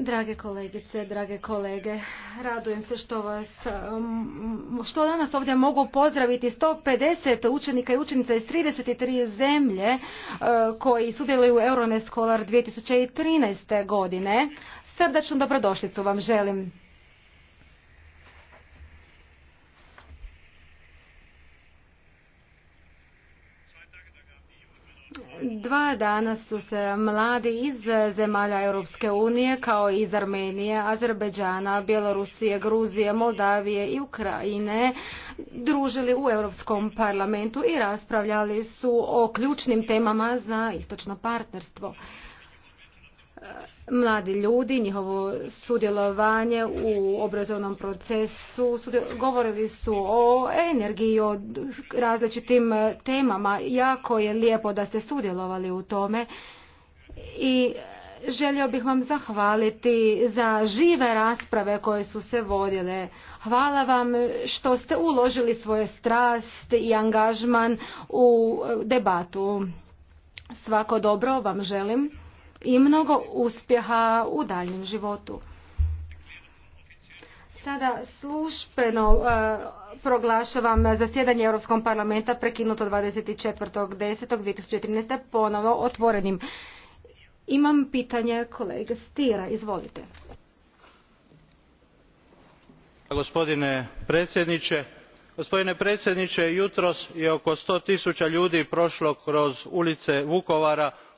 Drage kolegice, drage kolege, radujem se što vas, um, što danas ovdje mogu pozdraviti 150 učenika i učenica iz 33 zemlje uh, koji sudjeluju u Euronescolar 2013. godine. Srdačnu dobrodošlicu vam želim. Dva dana su se mladi iz zemalja Europske unije kao iz Armenije, Azerbeđana, Bjelorusije, Gruzije, Moldavije i Ukrajine družili u Europskom parlamentu i raspravljali su o ključnim temama za istočno partnerstvo mladi ljudi, njihovo sudjelovanje u obrazovnom procesu. Govorili su o energiji, o različitim temama. Jako je lijepo da ste sudjelovali u tome i želio bih vam zahvaliti za žive rasprave koje su se vodile. Hvala vam što ste uložili svoje strast i angažman u debatu. Svako dobro vam želim i mnogo uspjeha u daljnjem životu. Sada službeno e, proglašavam zasjedanje Europskog parlamenta prekinuto 24.10.2013. ponovo otvorenim. Imam pitanje kolege Stira, izvolite. Gospodine predsjedniče, gospodine predsjedniče, jutros je oko 100.000 ljudi prošlo kroz ulice Vukovara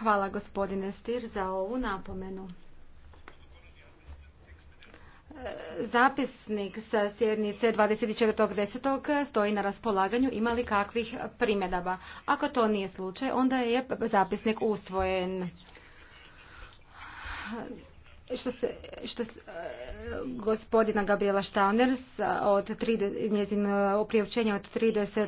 Hvala gospodine Stier za ovu napomenu. Zapisnik sa sjednice 24.10. stoji na raspolaganju ima li kakvih primjedaba. Ako to nije slučaj, onda je zapisnik usvojen. Što se, što se, gospodina Gabriela Štauners od 30, njezin priopćenje od